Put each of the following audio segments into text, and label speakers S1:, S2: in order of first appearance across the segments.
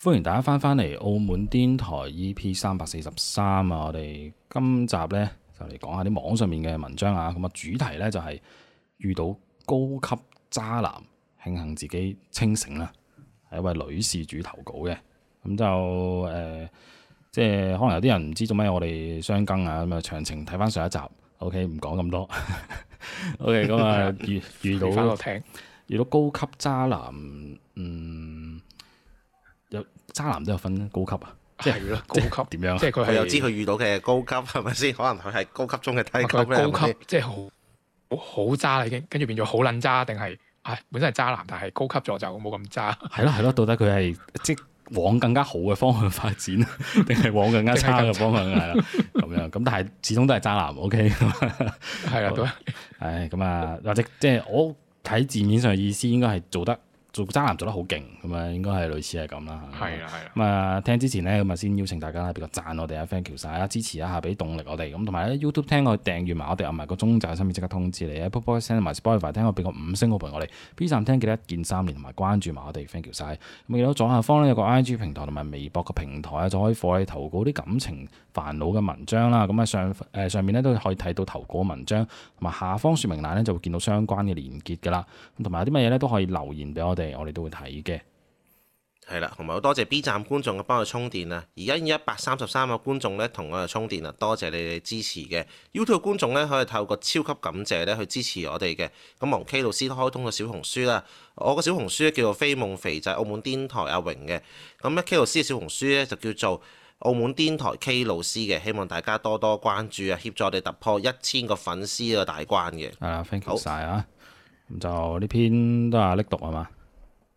S1: 歡迎大家翻返嚟《澳門癲台 EP 三百四十三》啊！我哋今集呢，就嚟講下啲網上面嘅文章啊！咁啊主題呢、就是，就係遇到高級渣男，慶幸自己清醒啦。係一位女事主投稿嘅，咁就誒、呃，即係可能有啲人唔知做咩，我哋相更啊，咁啊詳情睇翻上一集。OK，唔講咁多。 OK，咁啊 遇，遇到， 回到艇遇到高級渣男，嗯。渣男都有分高級啊，係咯，高級點樣？即係佢又知佢遇
S2: 到嘅高級，係咪先？可能佢係高級中嘅低級，高級即係好好渣啦，已經跟住變咗好
S3: 撚渣，定係唉本身係渣男，但係高級咗就冇咁渣。係咯
S1: 係咯，到底佢係即往更加好嘅方向發展，定係往更加差嘅方向係啦？咁樣咁，但係始終都係渣男。OK，係啦，都唉咁啊，或者即係我睇字面上嘅意思，應該係做得。做渣男做得好勁，咁啊應該係類似係咁啦。係啊係啊。
S3: 咁
S1: 啊是的 聽之前呢，咁啊先邀請大家咧，俾個讚我哋啊 Thank you 晒啊，支持一下俾動力我哋。咁同埋 YouTube 聽訂閱我訂閱埋我哋，啊埋個鐘仔，喺上面即刻通知你啊。Pop up 同埋 Spotify 聽我俾個五星好評我哋。B 站聽記得一鍵三連同埋關注埋我哋 Thank you 晒。咁見到左下方咧有個 IG 平台同埋微博個平台就可以放你投稿啲感情煩惱嘅文章啦。咁啊上上面都可以睇到投稿文章，同埋下方說明欄咧就會見到相關嘅連結噶啦。咁同埋有啲乜嘢咧都可以留言俾我。我哋都會睇嘅，
S2: 係啦，同埋好多謝 B 站觀眾嘅幫佢充電啊！而家已經一百三十三個觀眾咧，同我哋充電啊！多謝你哋支持嘅 YouTube 觀眾咧，可以透過超級感謝咧去支持我哋嘅。咁王 K 老師都開通個小紅書啦，我個小紅書叫做非夢肥仔澳門癲台阿榮嘅。咁咧 K 老師嘅小紅書咧就叫做澳門癲台 K 老師嘅。希望大家多多關注啊，協助我哋突破一千個粉絲個大關嘅。係啦，thank you 晒啊！
S1: 咁好就呢篇都係阿叻讀係嘛？～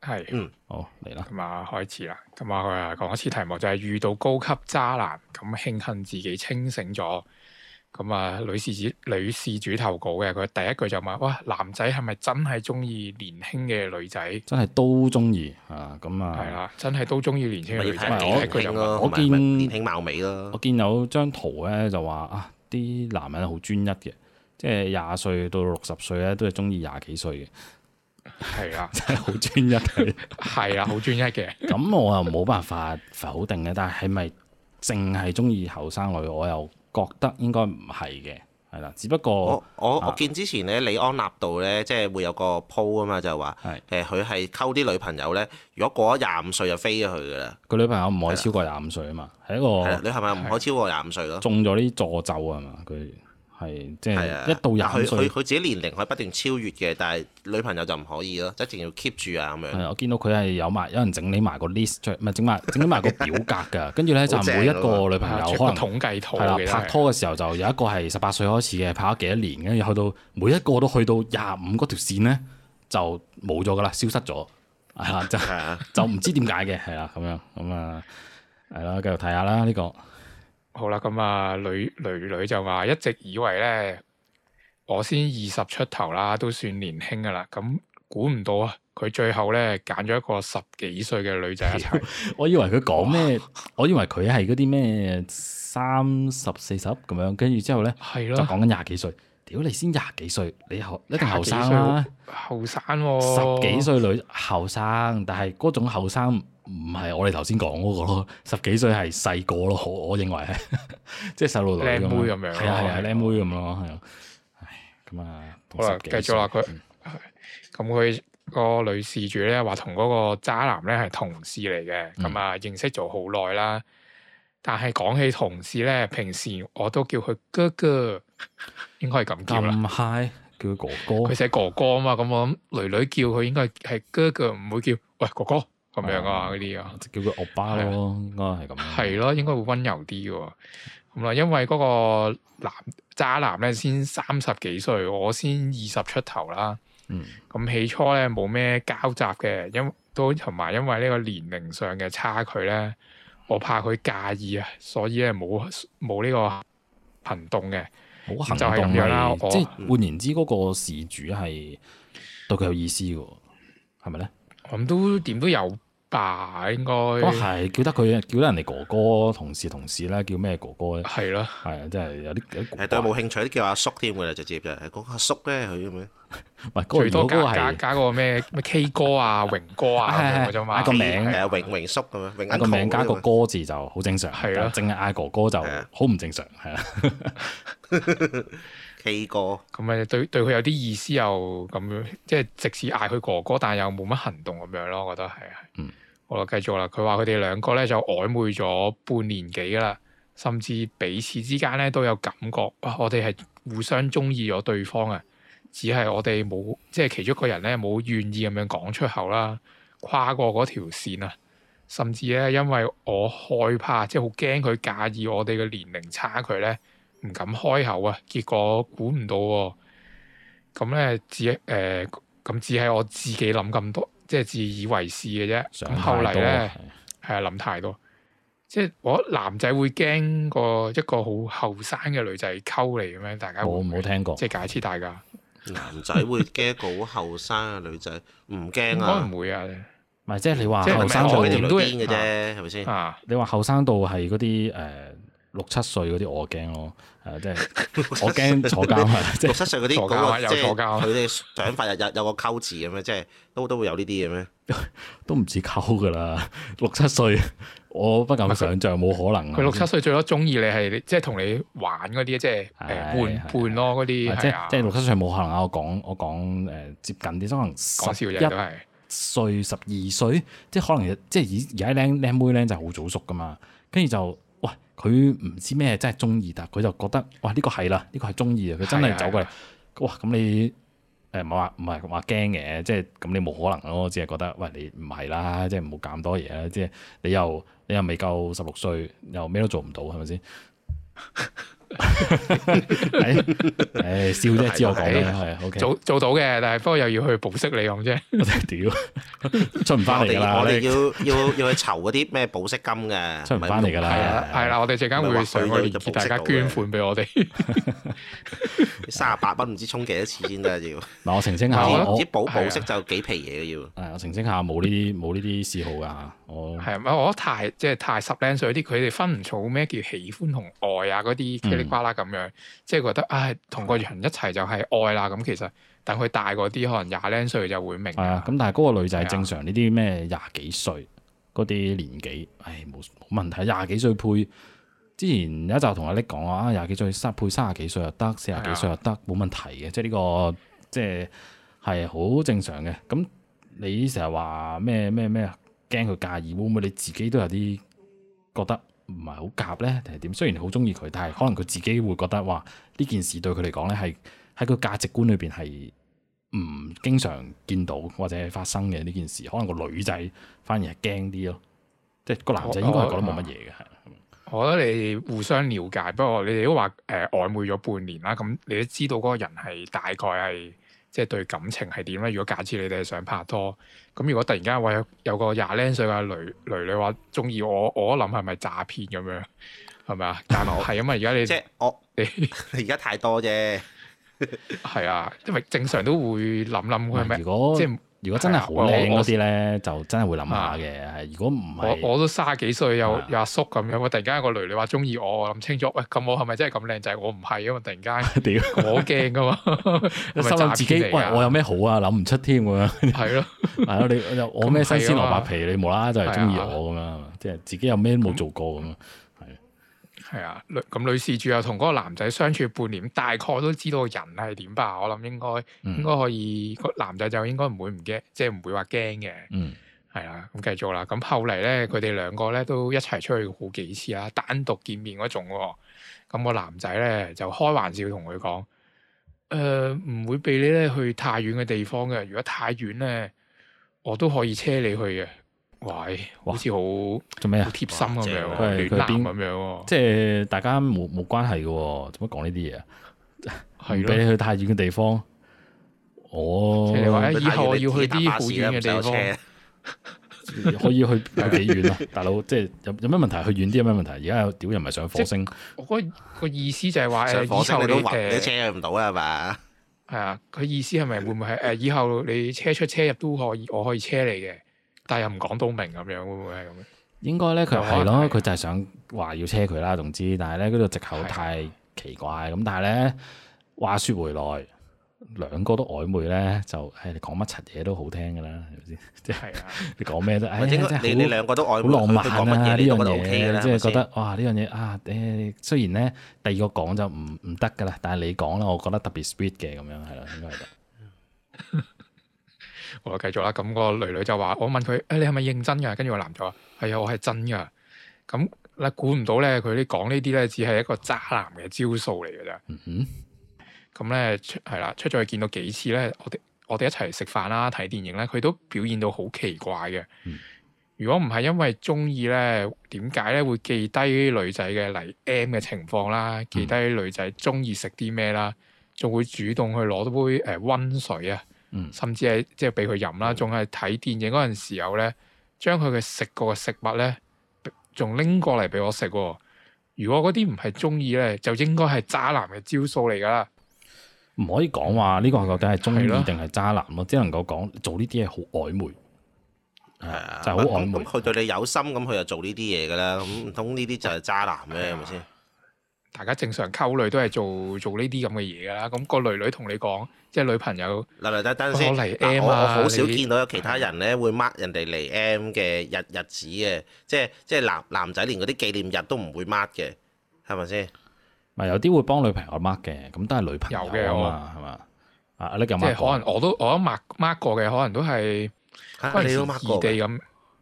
S2: 係，是嗯，好、嗯，嚟啦，咁啊，開始啦，
S3: 咁啊，佢啊，講一次題目就係遇到高級渣男，咁慶幸自己清醒咗，咁、嗯、啊，女事主女事主投稿嘅。佢第一句就問，哇，男仔係咪真係中意年輕嘅女仔，啊嗯？
S1: 真係都中意看
S3: 啊，咁啊，係啦，真係都中意年輕嘅女仔，我見
S1: 年輕貌美咯。我見有張圖咧就話啊，啲男人好專一嘅，即係廿歲到六十歲咧都係中意廿幾歲嘅。係啊，真係好專一嘅。
S3: 係啊，好專一嘅。
S1: 咁我又冇辦法否定嘅，但係係咪淨係中意後生女？我又覺得應該唔係嘅。係啦，只不過我
S2: 我，我見之前咧，李安納度咧，即係會有個 po 啊嘛，就話係誒，佢係溝啲女朋友咧，如果過咗廿五歲就飛咗佢噶啦。
S1: 個女朋友唔可以超過廿五歲啊嘛，係一個。你係咪唔可以
S2: 超過廿五歲咯？中咗啲助咒啊嘛，佢。係即係一到廿歲，佢自己年齡可以不斷超越嘅，但係女朋友就唔可以咯，一定要 keep 住啊咁樣。係我
S1: 見到佢係有埋有人整理埋個 list 唔係整埋整埋個
S2: 表格㗎。
S1: 跟住 呢，就是、每一個女朋友 Bast ard 計可能統
S2: 計圖拍拖
S1: 嘅時候就有一個係十八歲開始嘅，拍咗幾多年跟住去到每一個都去到廿五嗰條線咧就冇咗㗎啦，消失咗 就唔是的 知點解嘅係啦咁樣咁啊係啦，繼續睇下啦呢個。
S3: 好啦，咁啊，女女女就話一直以為呢，我先二十出頭啦，都算年輕噶啦。咁估唔到啊，佢最後呢揀咗一個十幾歲嘅女仔。
S1: 我以為佢講咩？哇我以為佢係嗰啲咩三十四十咁樣。跟住之後呢，係咯的，就講緊廿幾歲。屌你先廿幾歲，你後一定後生啦。
S3: 後生，十幾歲、
S1: 啊、女後生，但係嗰種後生。
S3: 唔係我哋頭先
S1: 講嗰個咯，十幾歲係細個咯，我我認為係，即係細路女靚妹咁樣，係啊係啊靚妹咁咯，係
S3: 咁啊。好啦，繼續啦佢，咁佢個女事主咧話同嗰個渣男咧係同事嚟嘅，咁啊認識咗好耐啦。但係講起同事咧，平時我都叫佢哥哥，應該係咁叫啦。咁嗨叫哥哥，佢寫哥哥啊嘛，咁我諗女女叫佢應該係哥哥，唔會叫喂哥哥。咁樣啊，嗰啲啊，就叫佢歐巴咯，應該係咁。係咯，應該會溫柔啲嘅。咁啊，因為嗰個男渣男咧先三十幾歲，我先二十出頭啦。嗯。咁起初咧冇咩交集嘅，因都同埋因為呢個年齡上嘅差距咧，我怕佢介意啊，所以咧冇冇呢個行動嘅。冇行動。就係咁樣啦、啊。即係換言
S1: 之，嗰個事主係對佢有意思嘅，係咪咧？
S3: 咁都點都有吧，應該。哇，係
S1: 叫得佢叫得人哋哥哥同事同事啦，叫咩哥哥咧？係咯的，係啊，真係有
S2: 啲係對冇興趣，都叫阿叔添㗎啦，直接就係講阿叔咧，佢咁樣。
S3: 唔係，最多加加個咩咩 K 哥啊，榮哥啊咁樣就埋。嗌、 啊、個名，誒
S2: 的榮榮叔咁
S3: 樣。嗌個名加個哥
S1: 字就好正常，係咯的。淨係嗌哥哥就好唔正常，係啊的。
S3: 咁咪對對佢有啲意思又咁樣，即係直使嗌佢哥哥，但又冇乜行動咁樣咯。我覺得係，嗯，好啦，繼續啦。佢話佢哋兩個咧就曖昧咗半年幾啦，甚至彼此之間咧都有感覺。哇，我哋係互相中意咗對方啊，只係我哋冇即係其中一個人咧冇願意咁樣講出口啦，跨過嗰條線啊，甚至咧因為我害怕，即係好驚佢介意我哋嘅年齡差距咧。唔敢開口啊！結果估唔到喎、啊，咁咧自誒咁、呃、只係我自己諗咁多，即係自以為是嘅啫。咁後嚟咧係諗太多,、啊太多，即係我男仔會驚個一個好後生嘅女
S2: 仔溝你咁樣，大家冇冇聽
S3: 過？即係解釋大家男，
S2: 男仔會驚個好後生嘅女仔，唔驚啊？唔會啊？
S1: 唔係即係你話後生度點都嘅啫，係咪先？你話後生到係嗰啲誒？啊 歲六七歲嗰啲我驚咯，誒、那個，
S2: 即係我驚坐監啊！六七歲嗰啲，坐監，佢哋想法，日日有個溝字咁樣，即係都都會有呢啲嘢咩？
S1: 都唔似溝噶啦，六七歲我不敢想象，冇可能。佢六七
S3: 歲最多中意你係即係同你玩嗰啲，即係誒換伴咯嗰啲，即係即係六七歲冇可能啊！我講我講誒接
S1: 近啲，可能十一歲、十二歲，即係可能即係而而家僆僆妹咧就好早熟噶嘛，跟住就。佢唔知咩真係中意，但佢就覺得，哇呢個係啦，呢個係中意啊！佢真係走過嚟：的「哇！咁你誒唔係話唔係話驚嘅，即係咁你冇可能咯，只係覺得，喂，你唔係啦，即係唔好咁多嘢啦，即係你又你又未夠十六歲，又咩都做唔到，係咪先？
S2: 唉，
S1: 笑啫，知我講啦，係啊，做
S3: 做到嘅，但係不過又要去保
S2: 釋你咁啫。
S3: 我真係屌，出唔翻嚟啦！我哋
S2: 要要要去籌嗰啲咩保釋金嘅，出唔翻嚟噶啦。係啦，我哋陣間會上我哋叫大家捐款俾我哋。三十八蚊，唔知充幾多次先得要。
S1: 嗱，我澄清下，我
S2: 保保釋就幾皮嘢嘅要。
S3: 我澄
S1: 清下，冇呢啲冇呢啲嗜好噶
S3: 哦，係唔係我太即係太十零歲啲，佢哋分唔到咩叫喜歡同愛啊嗰啲。啲瓜啦咁樣，嗯、即係覺得，唉、哎，同個人一齊就係愛啦。咁其實，等佢大嗰啲，可能廿零歲就會明白。
S1: 係啊，咁但係嗰個女仔正常呢啲咩廿幾歲嗰啲年紀，唉，冇冇問題。廿幾歲配，之前有一集同阿 Nick 講啊，廿幾歲三配三十幾歲又得，四十幾歲又得，冇的問題嘅。即係、這、呢個，即係係好正常嘅。咁你成日話咩咩咩啊，驚佢介意，會唔會你自己都有啲覺得？唔係好夾咧，定係點？雖然好鍾意佢，但係可能佢自己會覺得，哇！呢件事對佢嚟講咧，係喺佢價值觀裏邊係唔經常見到或者發生嘅呢件事。可能個女仔反而係驚啲咯，即係個男仔應該係覺得冇乜嘢嘅。係，我、啊、是我
S3: 覺得你互相了解。不過你哋都話誒、呃、曖昧咗半年啦，咁你都知道嗰個人係大概係。即係對感情係點咧？如果假設你哋係想拍拖，咁如果突然間我有個廿零歲嘅女女女話中意我，我一諗係咪詐騙咁樣？係咪啊？但係係啊嘛，而家你即係 我你而家 太多啫，係啊，因為正常都會諗諗佢。係咪？即係。
S1: 如果真係好靚嗰啲咧，就真係會諗下嘅。
S3: 如果唔係，我我都卅幾歲有阿叔咁樣，我突然間有個女你話中意我，我諗清楚，喂咁我係咪真係咁靚仔？我唔係啊突然間，我驚㗎嘛，心諗自己，喂
S1: 我有咩好啊？諗唔出添咁樣。係咯，係咯，你我咩新鮮蘿蔔皮？你冇啦啦就係中意我咁樣，即係自己有咩冇做過咁啊？
S3: 係啊，女咁女事主又同嗰個男仔相處半年，大概都知道個人係點吧？我諗應該應該可以，個、嗯、男仔就應該唔會唔驚，即係唔會話驚嘅。嗯，係啦、啊，咁繼續啦。咁後嚟咧，佢哋兩個咧都一齊出去好幾次啦，單獨見面嗰種、哦。咁、個男仔咧就開玩笑同佢講：誒、呃、唔會俾你咧去太遠嘅地方嘅，如果太遠咧，我都可以車你去嘅。喂，好似好做咩啊？好貼心咁樣，暖男咁樣，
S1: 即係大家冇冇關係嘅，做乜講呢啲嘢啊？係俾你去太遠嘅地方，哦，你係話，以後我要去啲好遠嘅地方，可以去有幾遠啊？大佬，即係有有咩問題？去遠啲有咩問題？而家有屌人咪上火星？
S3: 我覺得個意思就係話，以後你誒車
S2: 入唔到啊嘛？
S3: 係啊，佢意思係咪會唔會係誒？以後你車出車入都可以，我可以車你嘅。但係又唔
S1: 講到明咁樣，會唔會係咁？應該咧，佢係咯，佢就係想話要車佢啦，總之。但係咧，嗰度藉口太奇怪咁。但係咧，話說回來，兩個都曖昧咧，就誒，你講乜柒嘢都好聽噶啦，係咪先？即係你講咩都係好，你你兩個都曖昧，好浪漫啊呢樣嘢，即係覺得哇呢樣嘢啊誒，雖然咧第二個講就唔唔得噶啦，但係你講啦，我覺得特別 sweet 嘅咁樣
S3: 係啦，應該係。我繼續啦，咁個女女就話：我問佢，誒、哎，你係咪認真噶？跟住個男就話：係、哎、啊，我係真噶。咁嗱，估唔到咧，佢啲講呢啲咧，只係一個渣男嘅招數嚟嘅咋。咁咧、嗯哼，係啦、嗯，出咗去見到幾次咧，我哋我哋一齊食飯啦、睇電影咧、啊，佢都表現到好奇怪嘅。嗯、如果唔係因為中意咧，點解咧會記低啲女仔嘅嚟 M 嘅情況啦、啊？記低啲女仔中意食啲咩啦？仲會主動去攞杯誒温、呃、水啊？嗯、甚至係即係俾佢飲啦，仲係睇電影嗰陣時候咧，將佢嘅食過嘅食物咧，仲拎過嚟俾我食。如果嗰啲唔係中意咧，就應該係渣男嘅招數嚟
S2: 噶啦。
S1: 唔可以講話呢個究竟係中意定係渣男咯？的只能夠講做呢啲嘢好曖昧，
S2: 係的就好曖昧。佢對你有心咁，佢就做呢啲嘢噶啦，咁唔通呢啲就係渣男咩？係咪先？大家正常溝女都係做做呢啲咁嘅嘢㗎啦，咁個女女同你講，即係女朋友嚟嚟等等先。我嚟 M，我好少見到有其他人咧會 mark 人哋嚟 M 嘅日日子嘅，即即係男男仔連嗰啲紀念日都唔會 mark 嘅，係咪先？
S1: 咪有啲會幫女
S3: 朋友 mark 嘅，咁都係女朋友
S2: 嘅啊嘛，係嘛？啊！你咁即係可能我都我都 mark
S3: mark 過嘅，可能都係可能異地咁，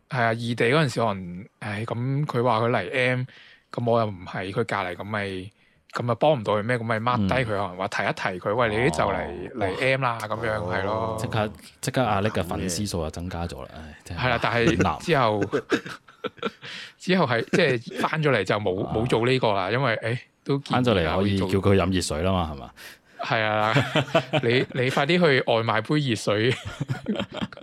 S3: 係啊異地嗰陣時可能唉咁佢話佢嚟 M。咁我又唔係佢隔離，咁咪咁咪幫唔到佢咩？咁咪 mark 低佢，嗯、可能話提一提佢。哦、喂，你啲就嚟嚟 M 啦，咁、哦、樣係咯，即刻即刻，刻阿叻嘅粉絲數又增加咗啦。係啦，的唉但係之後 之後係即係翻咗嚟就冇冇做呢個啦，因為誒、欸、都翻咗嚟可以叫佢飲熱水啦嘛，係嘛？係 啊！你你快啲去外賣杯熱水，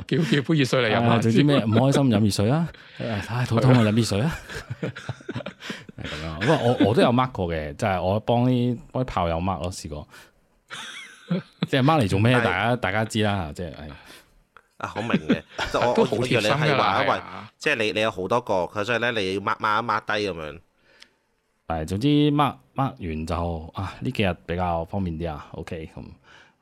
S3: 叫叫杯熱水嚟飲下。做啲咩唔開心？飲熱水啊！唉、
S1: 哎，肚痛啊，飲熱水啊，係 咁樣。不過我我都有 mark 過嘅，就係、是、我幫啲幫啲炮友 mark 咯，試過。即係 mark 嚟做咩是？大家大家知啦，即係。
S2: 啊，好明嘅，我 都好你貼心噶。即係、啊就是、你你有好多個，所以咧你 mark mark 一 mark 低咁樣。.係，總之 mark mark 完就啊，
S1: 呢幾日比較方便啲啊，OK，咁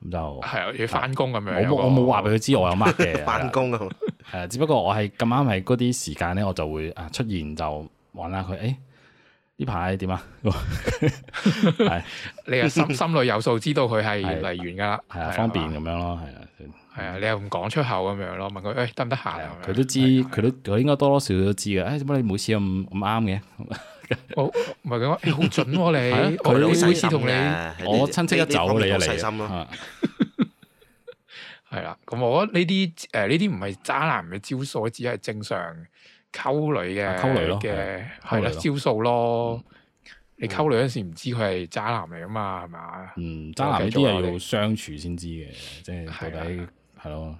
S1: 咁就係啊，嗯嗯、要翻
S2: 工咁樣，我冇
S1: 話俾佢知我有 mark 嘅翻工啊，係啊， 只不過我係咁啱係嗰啲時間咧，我就會啊出現
S3: 就揾下佢，誒呢排點啊？
S1: 係 你又 心心
S3: 裏有數，知道佢係嚟完噶啦，方便咁樣咯，係啊，係啊，你又唔講出口咁樣咯，問佢誒得唔得閒？
S1: 佢都知，佢都佢應該多多少少都知嘅，誒點解你每次咁咁啱嘅？ 好，唔係咁，你好準喎你，佢每次同你，
S3: 我親戚一走你嚟，細心咯、啊，係 啦， 咁我覺得呢啲誒，呢啲唔係渣男嘅招數，只係正常溝女嘅溝女嘅係啦招數咯，你溝女嗰時唔知佢係渣男嚟啊嘛，係嘛，嗯，渣男呢啲係要相處先知嘅，即係到底係咯。 嗯嗯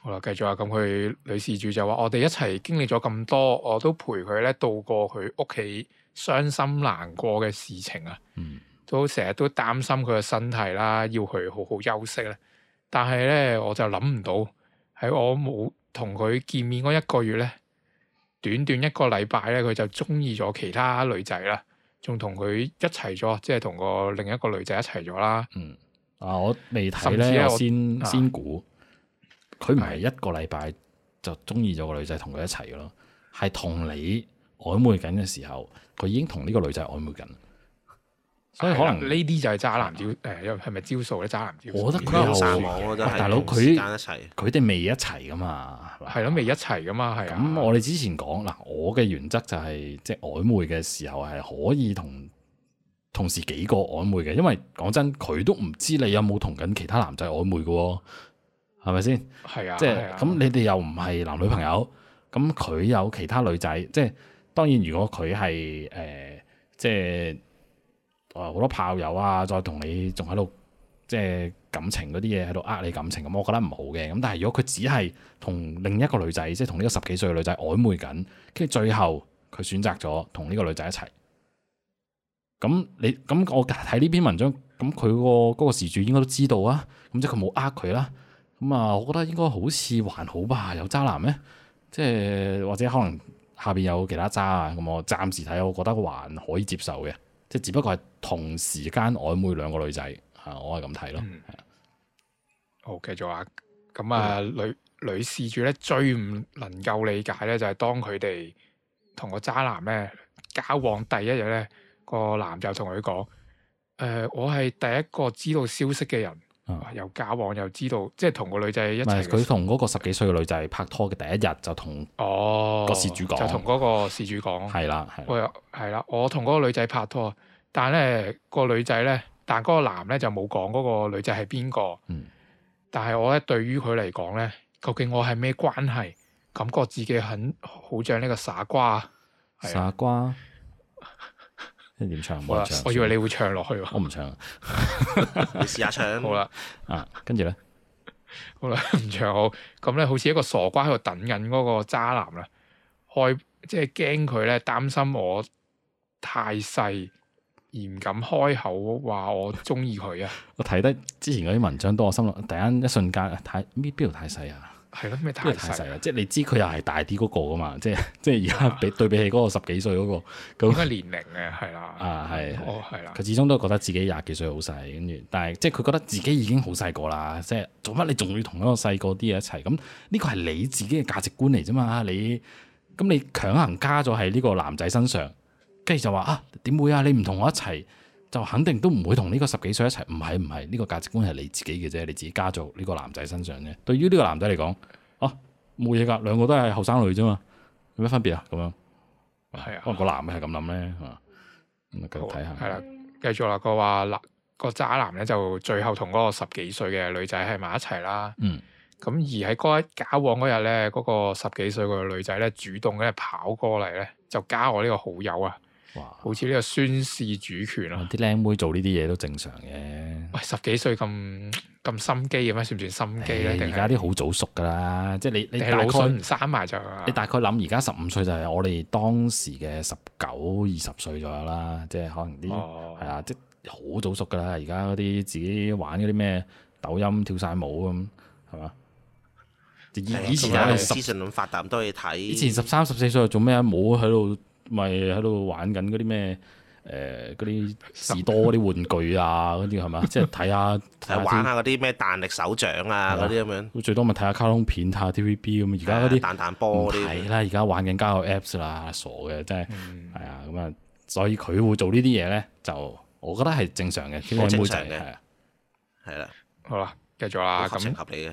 S3: 好啦，繼續啊！咁佢女事主就話：我哋一齊經歷咗咁多，我都陪佢咧，度過佢屋企傷心難過嘅事情啊！嗯，都成日都擔心佢嘅身體啦，要佢好好休息咧。但係咧，我就諗唔到，喺我冇同佢見面嗰一個月咧，短短一個禮拜咧，佢就中意咗其他女仔啦，仲同佢一齊咗，即係同個另一個女仔一齊咗啦。
S1: 嗯，啊，我未
S3: 睇咧，我，我先先
S1: 估，啊。啊佢唔係一個禮拜就中意咗個女仔同佢一齊嘅咯，係同你曖昧緊嘅時候，佢已經同呢個女仔曖昧緊，
S3: 所以可能呢啲、啊、就係渣男招誒，係咪、啊、招數咧？渣男招，我覺得佢有撒網咯，真係大佬，佢
S1: 佢哋未一齊噶嘛，係咯，未一齊噶嘛，係咁。我哋之前講嗱，我嘅原則就係即係曖昧嘅時候係可以同同時幾個曖昧嘅，因為講真，佢都唔知你有冇同緊其他男仔曖昧噶。係咪先？
S3: 係啊，即係咁，
S1: 你哋又唔係男女朋友，咁佢有其他女仔，即係當然。如果佢係誒，即係誒，好多炮友啊，再同你仲喺度，即係感情嗰啲嘢喺度呃你感情咁，我覺得唔好嘅。咁但係如果佢只係同另一個女仔，即係同呢個十幾歲嘅女仔曖昧緊，跟住最後佢選擇咗同呢個女仔一齊。咁你咁我睇呢篇文章，咁佢個嗰個事主應該都知道啊。咁即係佢冇呃佢啦。咁啊、嗯，我覺得應該好似還好吧？有渣男咩？即係或者可能下邊有其他渣啊？咁我暫時睇，我覺得還可以接受嘅，即係只不過係同時
S3: 間曖昧兩個女仔，吓、啊、我係咁睇咯。嗯、是好，繼續啊！咁、嗯、啊、呃，女女事主咧最唔能夠理解咧，就係、是、當佢哋同個渣男咧交往第一日咧，個男就同佢講：，誒、呃，我係第一個知道消息嘅人。嗯、又交往又知道，即係同個女仔一齊。唔係佢
S1: 同嗰個十幾歲嘅女仔拍拖嘅第一日就同
S3: 個事主講、哦，就同嗰個事主講係啦係。我係啦，我同嗰個女仔拍拖，但係咧、個女仔咧，但嗰個男咧就冇講嗰個女仔係邊個。嗯，但係我咧對於佢嚟講咧，究竟我係咩關係？感覺自己很好像呢個傻瓜，
S1: 傻瓜。即係點唱？吧我唱，我以為你會唱落去，我唔唱。
S3: 你試下唱。好啦吧，
S1: 啊，跟住咧，
S3: 好啦，唔唱。好，咁咧，好似一個傻瓜喺度等緊嗰個渣男啦，開即係驚佢咧，擔、就是、心我太細，而唔敢開口話我中意佢
S1: 啊。 我睇得之前嗰啲文章多，我心諗，突然一瞬間，太邊邊
S3: 度太細啊！係咯，
S1: 咩太細啊？即係你知佢又係大啲嗰個噶嘛？即係即係而家比 對比起嗰個十幾歲嗰、嗰個，咁係年
S3: 齡嘅係
S1: 啦。啊係，哦係啦。佢、oh, 始終都覺得自己廿幾歲好細，跟住，但係即係佢覺得自己已經好細個啦。即係做乜你仲要同一個細個啲一齊？咁呢個係你自己嘅價值觀嚟啫嘛。你咁你強行加咗喺呢個男仔身上，跟住就話啊點會啊？你唔同我一齊？就肯定都唔會同呢個十幾歲一齊，唔係唔係呢個價值觀係你自己嘅啫，你自己加咗呢個男仔身上啫。對於呢個男仔嚟講，啊冇嘢噶，兩個都係後生女啫嘛，有咩分別啊？咁樣係好啊，可能個男嘅係咁諗咧，係嘛？咁啊，繼續睇下。
S3: 係啦，繼續啦，個話嗱個渣男咧就最後同嗰個十幾歲嘅女仔喺埋一齊啦。嗯。咁而喺嗰一交往嗰日咧，嗰個十幾歲嘅女仔咧主動咧跑過嚟咧，就加我呢個好友啊。哇！好似呢個宣示主權啊，啲靚妹做呢啲嘢都正常嘅。喂，十幾歲咁咁心機嘅咩？算唔算心機咧？而家啲
S1: 好早熟噶啦，即係你你大概唔
S3: 生埋就。你
S1: 大概諗而家十五歲就係我哋當時嘅十九二十歲左右啦，即係可能啲係、哦哦哦哦、啊，即係好早熟噶啦。而家嗰啲自己玩嗰啲咩抖音跳晒舞咁，係嘛？以以前啊，資訊咁發達，咁多嘢睇。以前,十,以前十三十四歲做咩啊？冇喺度。咪喺度玩緊嗰啲咩？誒嗰啲士多嗰啲玩具啊，嗰啲係嘛？即係睇下， 玩下
S2: 嗰啲咩彈力手掌啊嗰啲咁樣。
S1: 最多咪睇下卡通片、睇下 TVB 咁。而家嗰啲彈彈波啲。唔睇啦！而家玩緊交友 Apps 啦，傻嘅真係。係啊、嗯，咁啊，所以佢會做呢啲嘢咧，就我覺得係正
S2: 常嘅。啲靚妹仔係啊，係啦了。
S3: 好啦，繼續啦。咁合情合
S2: 理嘅。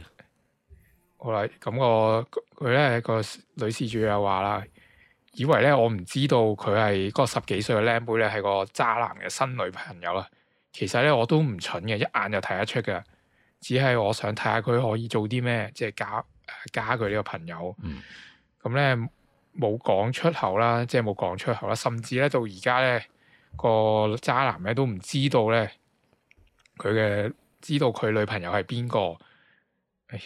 S3: 好啦，咁個佢咧個女事主又話啦。以為咧我唔知道佢係嗰十幾歲嘅靚妹咧，係個渣男嘅新女朋友啦，其實咧我都唔蠢嘅，一眼就睇得出嘅，只係我想睇下佢可以做啲咩，即係加加佢呢個朋友。咁咧冇講出口啦，即係冇講出口啦，甚至咧到而家咧個渣男咧都唔知道咧佢嘅，知道佢女朋友係邊個。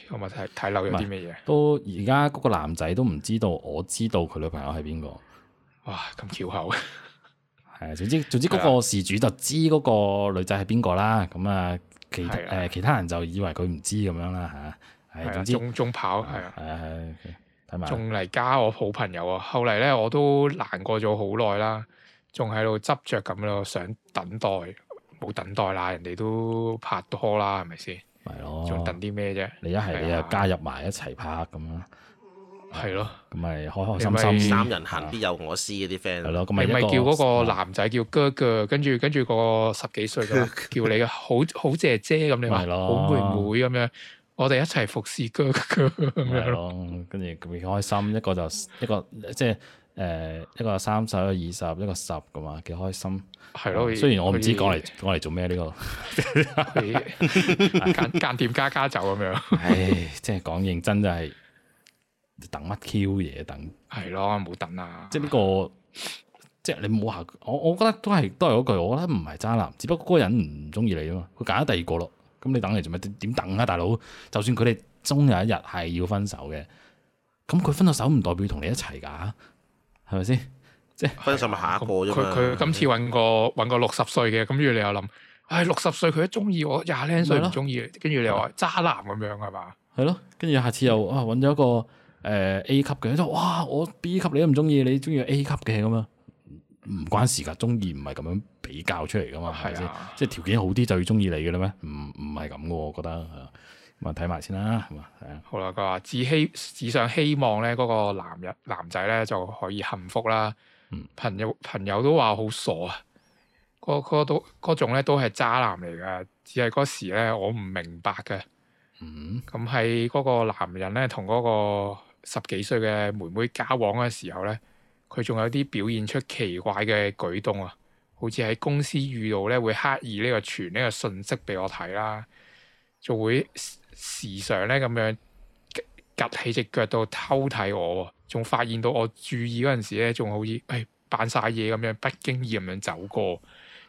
S3: 我咪睇睇漏咗啲咩嘢？
S1: 都而家嗰個男仔都唔知道，我知道佢女朋友係邊個。哇，咁巧合！係， 總之總之嗰個事主就知嗰個女仔係邊個啦。咁啊，其他誒其他人就以為佢唔知咁樣啦吓。
S3: 係的總之仲跑係啊，睇埋仲嚟加我好朋友啊。後嚟咧，我都難過咗好耐啦，仲喺度執着咁咯，想等待，冇等待啦，人哋都拍拖啦，係咪先？係咯，仲等啲咩啫？你一係你又
S1: 加入埋一齊拍咁樣，係咯了，咁咪開開心心。三人行必
S3: 有我師嗰啲 friend，係咯，咁咪了叫嗰個男仔叫哥哥，跟住跟住個十幾歲咁叫你 好好姐姐咁，你話了好妹妹咁樣，我哋一齊服侍哥哥咁樣咯，跟住咁開心，一個就一個即係。就是誒
S1: 一個三十，一個二十，一個十㗎嘛，幾開心。係咯的，雖然我唔知講嚟講嚟做咩呢個 間
S3: 間，間店加加酒咁樣。唉、哎，
S1: 即係講認真就係等乜 Q 嘢等。
S3: 係咯，冇等啊！
S1: 即係呢個，即、就、係、是、你冇嚇我。我覺得都係都係嗰句，我覺得唔係渣男，只不過嗰個人唔中意你啊嘛。佢揀咗第二個咯，咁你等嚟做咩？點等啊，大佬？就算佢哋終有一日係要分手嘅，咁佢分咗手唔代表同你一齊㗎。係咪
S3: 先？即係分手咪下一個啫嘛。佢佢今次搵個搵個六十歲嘅，咁跟住你又諗，唉六十歲佢都中意我，廿零歲咯，中意，啊，跟住你又話渣男咁樣係嘛？係咯，
S1: 跟住，啊，下次又啊搵咗一個誒，呃、A 級嘅，就哇我 B 級你都唔中意，你中意 A 級嘅咁樣？唔關事噶，中意唔係咁樣比較出嚟噶嘛？係咪先？即係條件好啲就要中意你嘅咧咩？唔唔係咁嘅，我覺得。話睇埋先啦，係嘛？
S3: 好啦，佢話只希只想希望咧，嗰、嗰個男人男仔咧，就可以幸福啦、嗯。朋友朋友都話好傻啊，嗰、嗰、嗰、個嗰個、都種咧都係渣男嚟噶。只係嗰時咧，我唔明白嘅。嗯，咁喺嗰個男人咧，同嗰個十幾歲嘅妹妹交往嘅時候咧，佢仲有啲表現出奇怪嘅舉動啊，好似喺公司遇到咧會刻意呢、呢個傳呢個信息俾我睇啦，就會。時常咧咁樣夾起隻腳度偷睇我，仲發現到我注意嗰陣時咧，仲好似誒扮晒嘢咁樣，不經意咁樣走過，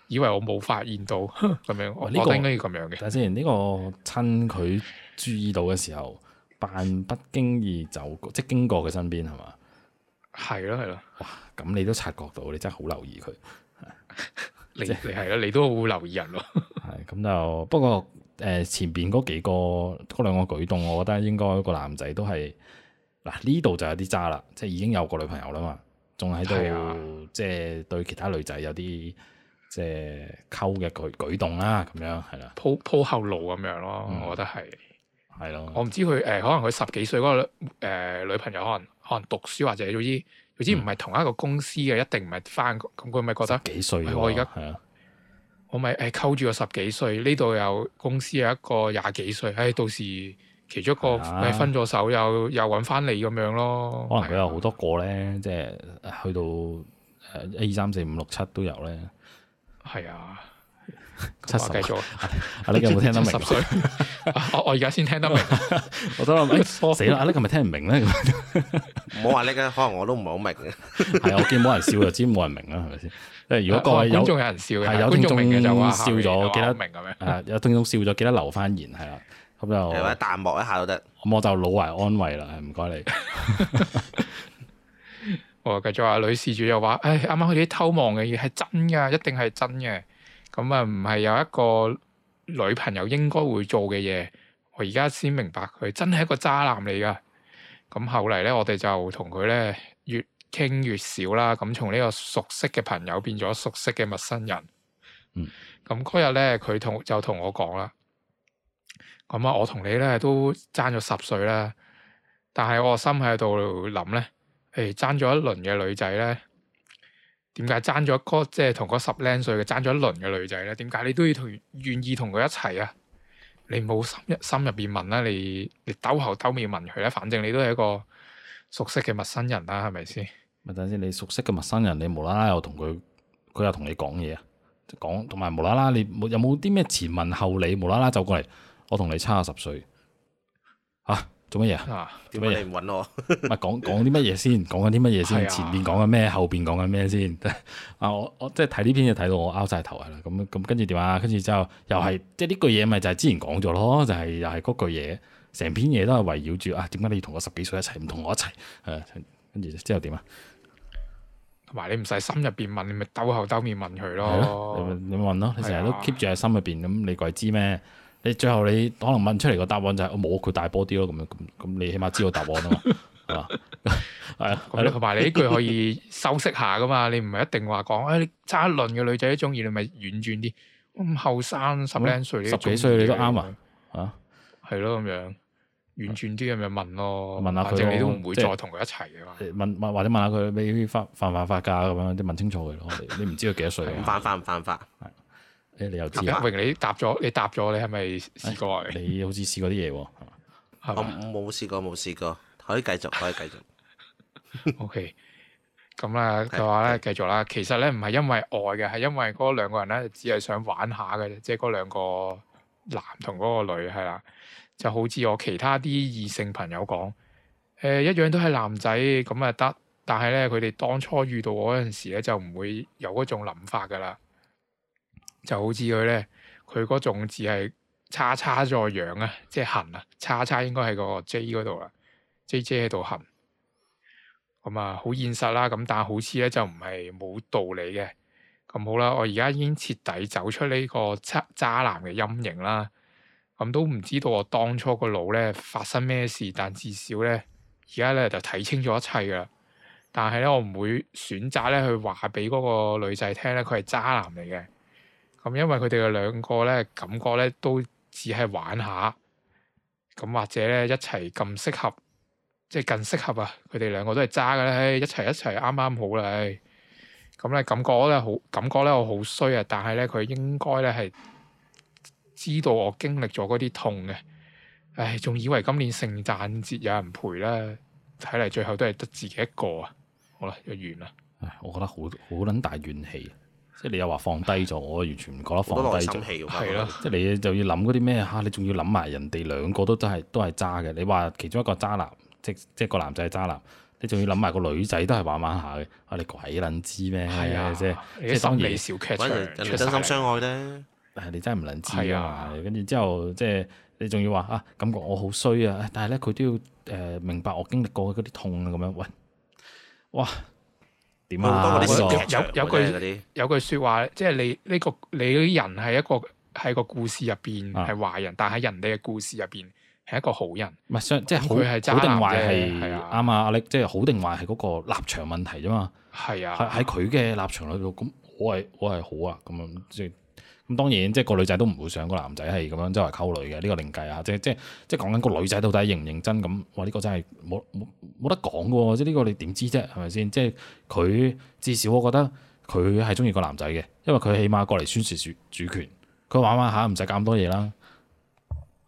S3: 以為我冇發現到咁樣。哦呢個、我都應該要
S1: 咁樣嘅。但之然呢個趁佢注意到嘅時候，扮不經意走過，即係經過佢身邊係嘛？
S3: 係咯係咯。
S1: 哇！咁你都察覺到，你真係好留意佢 你。 你
S3: 你係咯，你都好留意人咯。
S1: 係咁就不過。誒前邊嗰幾個嗰兩個舉動，我覺得應該個男仔都係嗱，呢度就有啲渣啦，即係已經有個女朋友啦嘛，仲喺度即係對其他女仔有啲即係溝嘅舉舉
S3: 動啦，咁樣係啦、啊，鋪鋪後路咁樣咯，嗯、我覺得係係咯，啊、我唔知佢誒可能佢十幾歲嗰個女朋友可能可能讀書或者總之總之唔係同一個公司嘅，嗯、一定唔係翻咁佢咪覺得幾歲啊？我而家係啊。我咪誒溝住個十幾歲，呢度有公司有一個廿幾歲，誒、哎、到時其中一個咪分咗手又，啊、又又揾翻你咁樣咯。
S1: 可能佢有好多個咧，啊、即係去到誒一二三四五六七都有咧。係啊。七十，繼續，阿 Nick 有冇聽得明？十歲，
S2: 我我而家先聽得明，我都諗死啦！阿 Nick
S1: 係咪聽唔明咧？
S2: 唔好話 Nick 嘅，可能我都唔係好明。係啊，我
S1: 見冇人笑就知冇人明啦，係咪先？如果位有觀眾有人笑，有明就笑咗，得係有觀眾笑咗，記得留翻言係啦。咁就淡漠一下都得。咁我
S3: 就老懷安慰啦，唔該你。我繼續話，女事主又話：，唉，啱啱佢啲偷望嘅嘢係真嘅，一定係真嘅。咁啊，唔係有一個女朋友應該會做嘅嘢，我而家先明白佢真係一個渣男嚟噶咁後嚟咧，我哋就同佢咧越傾越少啦。咁從呢個熟悉嘅朋友變咗熟悉嘅陌生人。嗯。咁嗰日咧，佢同就同我講啦。咁啊，我同你咧都爭咗十歲啦，但係我個心喺度諗咧，誒、哎，爭咗一輪嘅女仔咧。點解爭咗個即係同個十零歲嘅爭咗一輪嘅女仔咧？點解你都要同願意同佢一齊啊？你冇心入心入邊問啦，你你兜口兜面問佢啦，反正你都係一個熟悉嘅陌生人啦，係咪先？等陣先，你熟
S1: 悉嘅陌生人，你無啦啦又同佢，佢又同你講嘢啊？講同埋無啦啦，你冇有冇啲咩前文後理？無啦啦走過嚟，我同你差十歲啊？做乜嘢啊？
S2: 做乜嘢？唔搵我咪講講啲乜
S1: 嘢先？講緊啲乜嘢先？ 前面講緊咩？後邊講緊咩先？啊！我我即係睇呢篇嘢睇到我拗晒頭係啦。咁、嗯、咁、嗯、跟住點、就是、啊，啊？跟住之後又係即係呢句嘢咪就係之前講咗咯。就係又係嗰句嘢，成篇嘢都係圍繞住啊！點解你要同我十幾歲一齊，唔同我一齊？跟住之後點啊？
S3: 同埋你唔使心入邊問，你咪兜口兜面問佢咯。你
S1: 你問咯，你成日都 keep 住喺心入邊，咁嗎你鬼知咩？你最後你可能問出嚟個答案就係我冇佢大波啲咯，咁樣咁咁你起碼知道答案啊嘛，係嘛？係啊，係同埋你呢句可以
S3: 修飾下噶嘛，你唔係一定話講誒，你差一輪嘅女仔都中意，你咪婉轉啲。咁後生十零歲呢啲，十幾歲你都啱啊？嚇，係咯，咁樣婉轉啲咁樣問咯，問下佢，你都唔會再同佢一齊嘅嘛？
S1: 問問或者問下佢，你犯犯法唔犯法啊？咁樣啲問清楚佢咯，你唔
S3: 知佢幾多歲。唔犯法唔犯法。你又知，阿榮，你
S2: 答咗，你答咗，你係咪試過？哎、 你
S1: 好似試過啲嘢喎。
S3: 我
S2: 冇試過，冇試過。可以繼續，可以繼續。
S3: O K，咁啊，嘅 話咧，繼續啦。其實咧，唔係因為愛嘅，係因為嗰兩個人咧，只係想玩下嘅啫。即係嗰兩個男同嗰個女係啦，就好似我其他啲異性朋友講，誒、呃，一樣都係男仔咁啊，得。但係咧，佢哋當初遇到我嗰陣時咧，就唔會有嗰種諗法噶啦。就好似佢咧，佢嗰種字係叉叉在揚啊，即係痕啊，叉叉應該係個 J 嗰度啦，J J 喺度痕咁啊、嗯，好現實啦。咁但係好似咧就唔係冇道理嘅。咁、嗯、好啦，我而家已經徹底走出呢個渣渣男嘅陰影啦。咁、嗯、都唔知道我當初個腦咧發生咩事，但至少咧而家咧就睇清楚一切㗎啦。但係咧我唔會選擇咧去話俾嗰個女仔聽咧，佢係渣男嚟嘅。咁因為佢哋嘅兩個呢，感覺呢都只係玩下，咁或者呢一齊咁適合，即係更適合啊！佢哋兩個都係渣嘅咧，一齊一齊啱啱好啦，咁、哎、呢感覺呢，好，感覺呢我好衰啊！但係呢佢應該呢係知道我經歷咗嗰啲痛嘅，唉、哎，仲以為今年聖誕節有人陪啦，睇嚟最後都係得自己一個啊！好啦，又完啦，唉，我覺得
S1: 好好撚
S3: 大怨氣。
S1: 即係你又話放低咗，我完全唔覺得放低咗。係咯、啊，的 即係你就要諗嗰啲咩嚇？你仲要諗埋人哋兩個都真係都係渣嘅。你話其中一個渣男，即即係個男仔渣男，你仲要諗埋個女仔都係玩玩下嘅。啊，你鬼撚知咩？係啊的，即係當野小人真心相
S2: 愛咧。誒，你
S1: 真係唔撚知啊！係啊，跟住之後即係你仲要話啊，感覺我好衰啊！但係咧，佢都要誒、呃、明白我經歷過嗰啲痛啊咁樣。喂，哇！哇點啊？嗯那個、有有句些
S3: 有句説話，即、就、係、是、你呢、這個你啲人係一個喺個故事入邊係壞人，啊、但喺人哋嘅故事入邊係一個好人。
S1: 唔係相即係好，好定壞係啱啊！即係、啊就是、好定壞係嗰個立場問題啫嘛。係啊，喺佢嘅立場裏度，咁我係我係好啊。咁樣即係。就是咁當然，即、那、係個女仔都唔會想個男仔係咁樣周圍溝女嘅，呢、這個另計啊！即係即係即係講緊個女仔到底認唔認真咁？哇！呢、這個真係冇冇得講嘅喎！即係呢、這個你點知啫？係咪先？即係佢至少我覺得佢係中意個男仔嘅，因為佢起碼過嚟宣示主主權。佢玩玩下，唔使搞咁多嘢啦，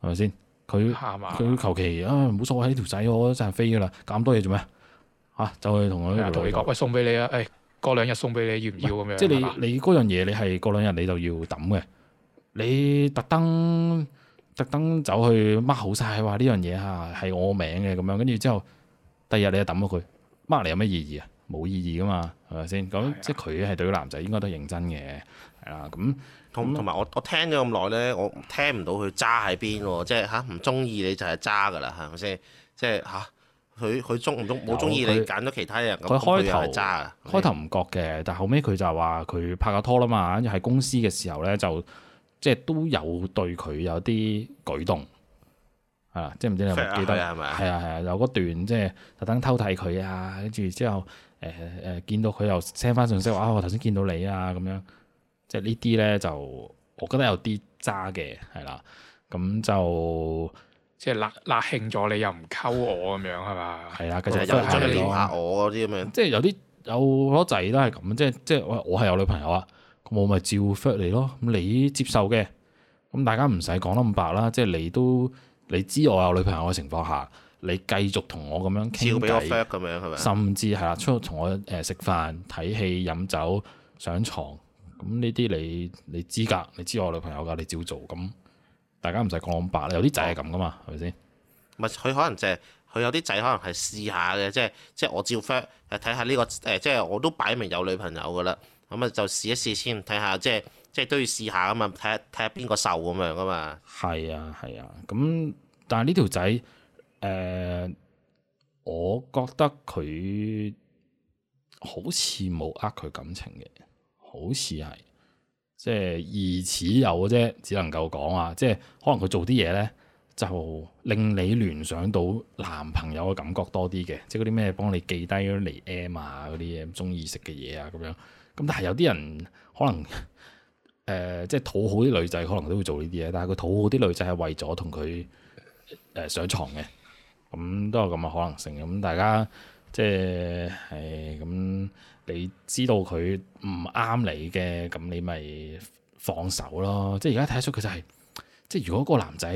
S1: 係咪先？佢佢求其啊，唔好所謂呢、哎、條仔，我真成日飛嘅啦，搞咁多嘢做咩？嚇、啊，走去同佢同你講，
S3: 喂，送俾你啊！哎～過兩日送俾你，要唔要咁樣？即係你吧
S1: 你嗰樣嘢，你係過兩日你就要抌嘅。你特登特登走去 mark 好晒話呢樣嘢吓係我名嘅咁樣，跟住之後第二日你就抌咗佢，mark 嚟有咩意義啊？冇意義噶嘛，係咪先？咁的即係佢係對個男仔應該都係認真嘅，
S2: 係啦。咁同同埋我我聽咗咁耐咧，我聽唔到佢揸喺邊喎。即係吓，唔中意你就係揸噶啦，係咪先？即係吓。啊佢佢鍾唔鍾冇鍾意你揀咗他其他人，佢開頭
S1: 開頭唔覺嘅，但後尾佢就話佢拍咗拖啦嘛，跟住喺公司嘅時候咧，就即係都有對佢有啲舉動，係啦，即係唔知你有冇記得係咪啊？係啊係啊，有嗰段即係特登偷睇佢啊，跟住之後誒誒見到佢又 send 翻信息話，哦，我頭先見到你啊咁樣，即係呢啲咧就我覺得有啲
S3: 渣嘅，係啦，咁就。即係立立慶咗你又唔溝我咁樣係嘛？係啊，佢就係油炸我嗰啲咁樣。即係有啲
S1: 有好多仔都係咁，即係即係我係有女朋友啊，咁我咪照 fit 你咯。咁你接受嘅，咁大家唔使講得咁白啦。即係你都你知我有女朋友嘅情況下，你繼續同我咁樣傾偈，我咁樣係咪？甚至係啦，出同我誒食飯、睇戲、飲酒、上床咁呢啲你你知㗎，你知，你知，你知我女朋友㗎，你照做咁。大家唔使講咁白，有啲仔係咁噶嘛，係咪先？
S2: 唔係佢可能就係佢有啲仔可能係試下嘅，即係即係我照 friend 睇下呢個誒，即係我都擺明有女朋友噶啦，咁啊就試一試先，睇下即係即係都要試下噶嘛，睇下睇下邊個受咁樣噶嘛。
S1: 係啊係啊，咁，啊，但係呢條仔誒，呃，我覺得佢好似冇呃佢感情嘅，好似係。即係如此有啫，只能夠講啊！即係可能佢做啲嘢咧，就令你聯想到男朋友嘅感覺多啲嘅，即係嗰啲咩，幫你記低嗰啲嚟 M 啊，嗰啲嘢，中意食嘅嘢啊，咁樣。咁但係有啲人可能，誒、呃，即係討好啲女仔，可能都會做呢啲嘢。但係佢討好啲女仔係為咗同佢誒上床嘅，咁都有咁嘅可能性嘅。咁大家即係係咁。你知道佢唔啱你嘅，咁你咪放手咯。即係而家睇得出佢就係、是，即係如果個男仔，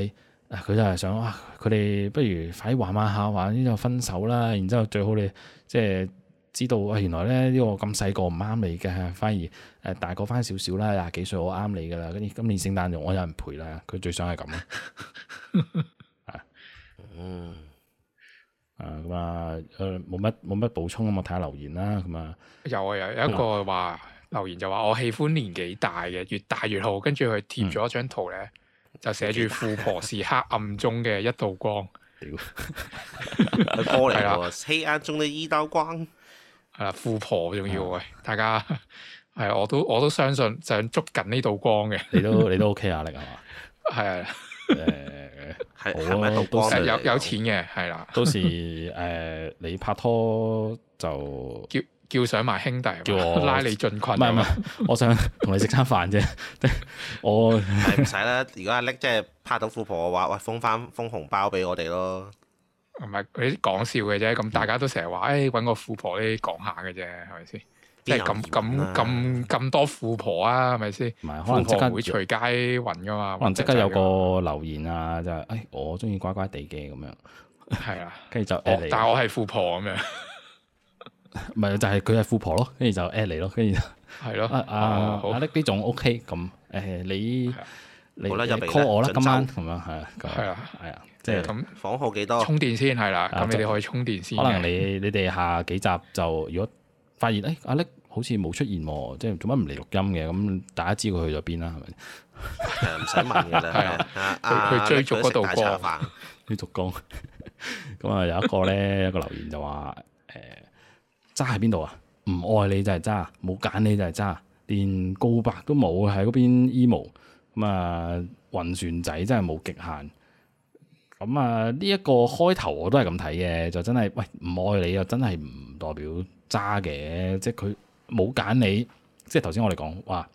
S1: 佢就係想，啊，佢哋不如快啲玩下玩下，玩完就分手啦。然之後最好你即係知道，啊、原來咧呢、呢個咁細個唔啱你嘅，反而大個翻少少啦，廿幾歲我啱你噶啦。跟住今年聖誕用我有人陪啦。佢最想係咁咯。嗯。 啊咁啊，誒冇乜冇乜補充啊，我睇下留言啦咁啊。
S3: 有啊，有有一個話留言就話我喜歡年紀大嘅，越大越好。跟住佢貼咗一張圖咧，嗯、就寫住富婆是黑暗中嘅一道光。屌大，係 啦， 黑暗、 啊、中嘅一道光。係啦、 啊，富婆重要喂，大家係、啊、我都我都相信想捉緊呢道光嘅。你都你都 OK 啊，你係嘛？係啊。係係咪都有有錢嘅係啦，到時誒你拍拖就 叫叫上埋兄弟，叫我
S2: 拉你進群。唔係唔係，
S1: 我想同你食餐飯啫。我
S2: 唔使啦。如果阿叻即係拍到富婆嘅話，喂封翻封紅包俾我哋咯。
S3: 唔係你講笑嘅啫。咁大家都成日話，誒搵個富婆呢講下嘅啫，係咪先？即係咁咁咁咁多富婆啊，係咪先？唔係，可能即刻會隨街雲㗎嘛。可能即刻有個
S1: 留言啊，就係誒，我鍾意乖乖地嘅咁樣。係啊，跟住就 at 你。但我係
S3: 富婆咁樣。
S1: 唔係，就係佢係富婆咯。跟住就 at 你咯。跟住係咯。啊阿叻呢種 OK 咁誒，你你 call 我啦，今晚咁樣係啊。係啊，係啊。即係。咁房號幾多？充電先係啦。咁你哋可以充電先。可能你你哋下幾集就如果發現誒，阿叻。好似冇出現喎，即係做乜唔嚟錄音嘅？咁大家知佢去咗邊啦，係咪？唔使問㗎啦，佢追逐嗰道光，繼續講。咁啊有一個咧，一個留言就話：誒渣喺邊度啊？唔愛你就係渣，冇揀你就係渣，連告白都冇喺嗰邊 emo。咁啊，暈船仔真係冇極限。咁啊呢一、這個開頭我都係咁睇嘅，就真係喂唔愛你又真係唔代表渣嘅，即係佢。冇揀你，即係頭先我哋講，哇！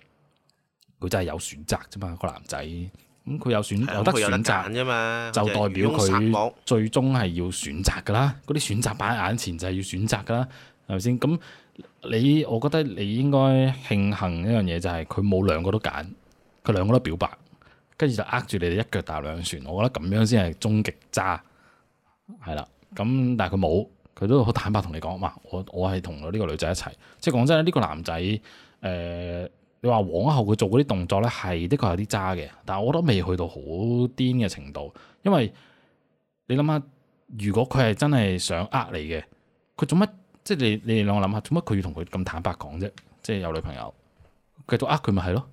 S1: 佢真係有選擇啫嘛，個男仔
S2: 咁佢有選有得選擇啫嘛，就代表佢
S1: 最終係要選擇噶啦，嗰啲選擇擺喺眼前就係要選擇噶啦，係咪先？咁你我覺得你應該慶幸一樣嘢就係佢冇兩個都揀，佢兩個都表白，跟住就呃住你哋一腳踏兩船，我覺得咁樣先係終極渣，係啦。咁但係佢冇。佢都好坦白同你講，啊我我係同呢個女仔一齊，即係講真呢、呢個男仔誒、呃，你話往後佢做嗰啲動作咧，係的確有啲渣嘅，但係我都未去到好癲嘅程度，因為你諗下，如果佢係真係想呃你嘅，佢做乜？即係你你哋兩個諗下，做乜佢要同佢咁坦白講啫？即係有女朋友，繼續呃佢咪係咯，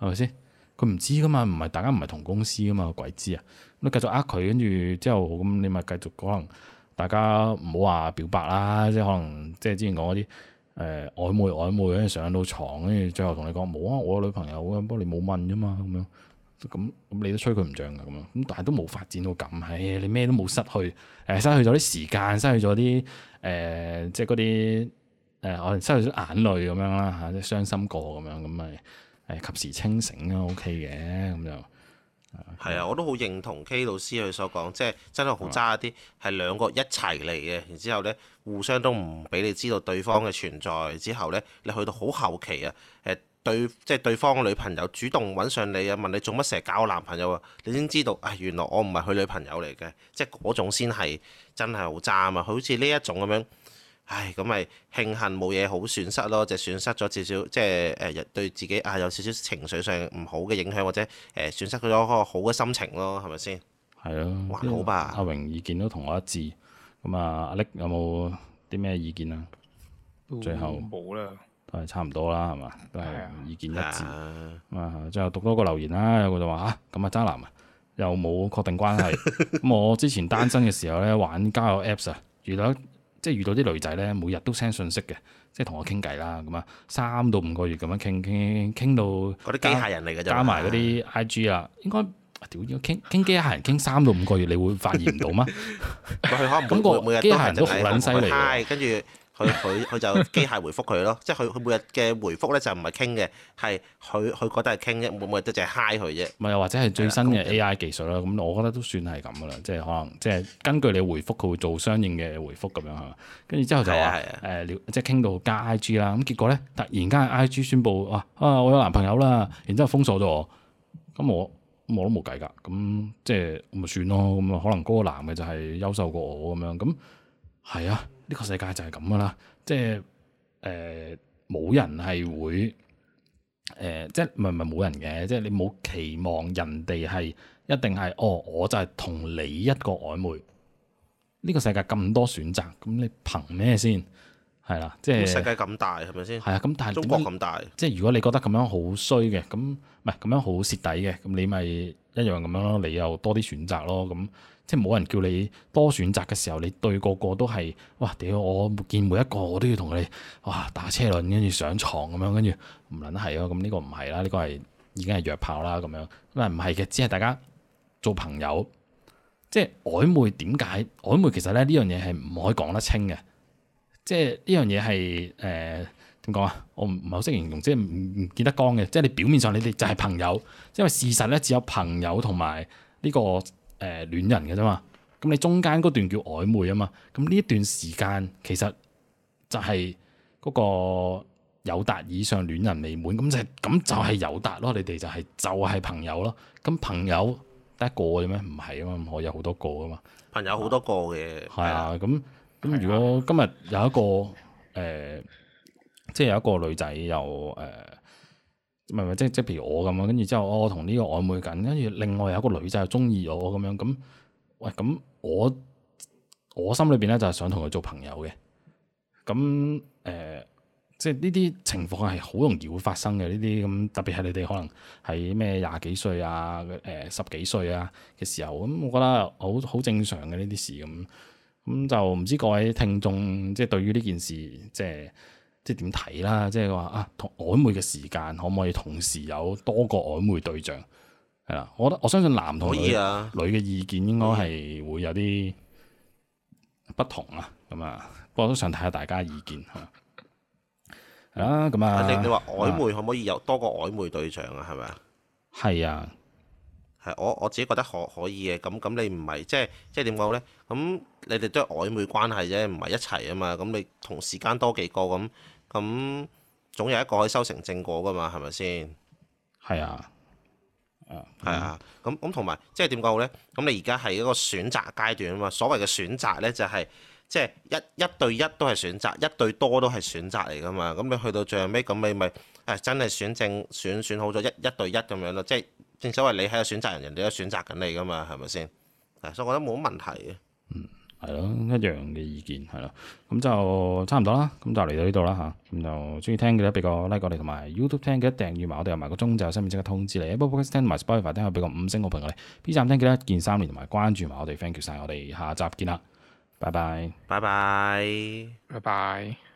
S1: 係咪先？佢唔知噶嘛，唔係大家唔係同公司噶嘛，鬼知啊！咁繼續呃佢，跟住之後咁你咪繼續講。大家唔好話表白啦，即係可能即係之前講嗰啲誒曖昧曖昧，跟住上到床，跟住最後同你講冇啊，我女朋友咁，不過你冇問啫嘛，咁樣咁咁你都吹佢唔脹噶咁樣，咁但係都冇發展到咁，唉、哎，你咩都冇失去，誒、呃，失去咗啲時間，失去咗啲誒，即係嗰啲誒，我、呃、哋失去咗眼淚咁樣啦嚇，即係傷心過咁樣，咁咪誒，及時清醒都 OK 嘅，咁就。係
S2: 啊，我都好認同 K 老師佢所講，即係真係好渣啲，係兩個一齊嚟嘅，然之後呢，互相都唔俾你知道對方嘅存在，之後呢，你去到好後期啊，誒對，即係對方嘅女朋友主動揾上你啊，問你做乜成日搞我男朋友啊，你先知道，唉，原來我唔係佢女朋友嚟嘅，即係嗰種先係真係好渣啊嘛，佢好似呢一種咁樣。唉，咁咪慶幸冇嘢好損失咯，就損失咗至少，即係誒對自己啊有少少情緒上唔好嘅影響，或者誒損失咗個好嘅心情咯，係咪先？係咯、啊，還好吧。
S1: 阿榮意見都同我一致，咁、嗯、啊，阿力有冇啲咩意見啊？最後冇啦，都係差唔多啦，係嘛？都係意見一致。啊，最後讀多個留言啦。有個就話嚇，咁啊，渣男又冇確定關係。咁 我之前單身嘅時候咧，玩交友 Apps 啊，遇到。即係遇到啲女仔咧，每日都 send 信息嘅，即係同我傾偈啦。咁啊，三到五個月咁樣傾傾傾，傾到啲機械人嚟嘅就加埋嗰啲 IG 啊。應該屌要傾傾機械人傾三到五個月， 你會發現唔到咩？
S2: 咁 個機械人都好撚犀利。跟住。佢佢佢就機械回覆佢咯，即係佢佢每日嘅回覆咧就唔係傾嘅，係佢佢覺得係傾嘅，每每日都只係嗨佢啫。
S1: 唔係又或者係最新嘅 AI 技術啦，咁 我覺得都算係咁噶啦，即係可能即係根據你回覆，佢會做相應嘅回覆咁樣係嘛。跟住之後就話誒，即係傾到加 IG 啦，咁結果咧突然間 IG 宣佈哇啊，我有男朋友啦，然之後封鎖咗我，咁我我，我都冇計噶，咁即係咪算咯？咁啊可能嗰個男嘅就係優秀過我咁樣，咁係啊。呢個世界就係咁噶啦，即係誒冇人係會誒、呃，即係唔係唔係冇人嘅，即係你冇期望人哋係一定係哦，我就係同你一個曖昧。呢、這個世界咁多選擇，咁你憑咩先？係啦，即係。世
S2: 界咁大係咪先？係啊，咁
S1: 但係中國咁大，即係如果你覺得咁樣好衰嘅，咁唔係咁樣好蝕底嘅，咁你咪一樣咁樣咯，你又多啲選擇咯，咁。即係冇人叫你多選擇嘅時候，你對個個都係哇屌！我見每一個我都要同佢哋哇打車輪，跟住上床咁樣，跟住唔撚都係咯。咁呢個唔係啦，呢個係已經係約炮啦咁樣。咁唔係嘅，只係大家做朋友。即係曖昧，點解曖昧？其實咧呢樣嘢係唔可以講得清嘅。即係、呃、呢樣嘢係誒點講啊？我唔唔好識形容，即係唔唔見得光嘅。即係你表面上你哋就係朋友，因為事實咧只有朋友同埋呢個。誒戀人嘅啫嘛，咁你中間嗰段叫曖昧啊嘛，咁呢一段時間其實就係嗰個友達以上戀人未滿，咁就咁、係、就係友達咯，你哋就係、係、就係、係、朋友咯，咁朋友得一個嘅咩？唔係啊嘛，我有好多個噶嘛。
S2: 朋友好多個嘅。
S1: 係啊，咁咁如果今日有一個誒，即、呃、係、就係、有一個女仔有誒。呃咪咪，即即譬如我咁樣，跟住之後，我同呢個曖昧緊，跟住另外有一個女仔又中意我咁樣，咁喂，咁我我心裏邊咧就係想同佢做朋友嘅。咁誒、呃，即呢啲情況係好容易會發生嘅，呢啲咁，特別係你哋可能係咩廿幾歲啊、誒十幾歲啊嘅時候，咁我覺得好好正常嘅呢啲事咁。咁就唔知各位聽眾即對於呢件事即。即係點睇啦？即係話啊，曖昧嘅時間可唔可以同時有多個曖昧對象？係啦，我覺得我相信男可以同、啊、女嘅意見應該係會有啲不同啊。咁啊，不過都想睇下大家意見吓。係啊，咁啊，反正你話曖昧
S2: 可唔可以有多個曖昧對象啊？係咪啊？
S1: 係啊，
S2: 係我我自己覺得可可以嘅。咁咁你唔係即係即係點講咧？咁你哋都係曖昧關係啫，唔係一齊啊嘛。咁你同時間多幾個咁。咁、嗯、總有一個可以修成正果噶嘛，係咪先？係啊，嗯、啊，係啊，咁咁同埋，即係點講好咧？咁你而家係一個選擇階段啊嘛。所謂嘅選擇咧，就係、是、即係一一對一都係選擇，一對多都係選擇嚟噶嘛。咁你去到最後尾，咁你咪、就、誒、是哎、真係選正選選好咗一一對一咁樣咯。即係正所謂你喺度選擇人，人哋都選擇緊你噶嘛，係咪先？啊，所以我覺得冇問題嘅。嗯。
S1: 係咯，一樣嘅意見係啦，咁就差唔多啦，咁就嚟到呢度啦吓，咁就中意聽嘅記得俾個 like 我哋同埋 YouTube 聽記得訂閱埋我哋，埋個鐘就有新面即刻通知你。Apple Podcast 聽埋 Spotify 聽可以俾個五星好評我哋。B 站聽記得一鍵三連同埋關注埋我哋 Thank you 晒我哋下集見啦，拜拜，
S2: 拜拜，拜拜。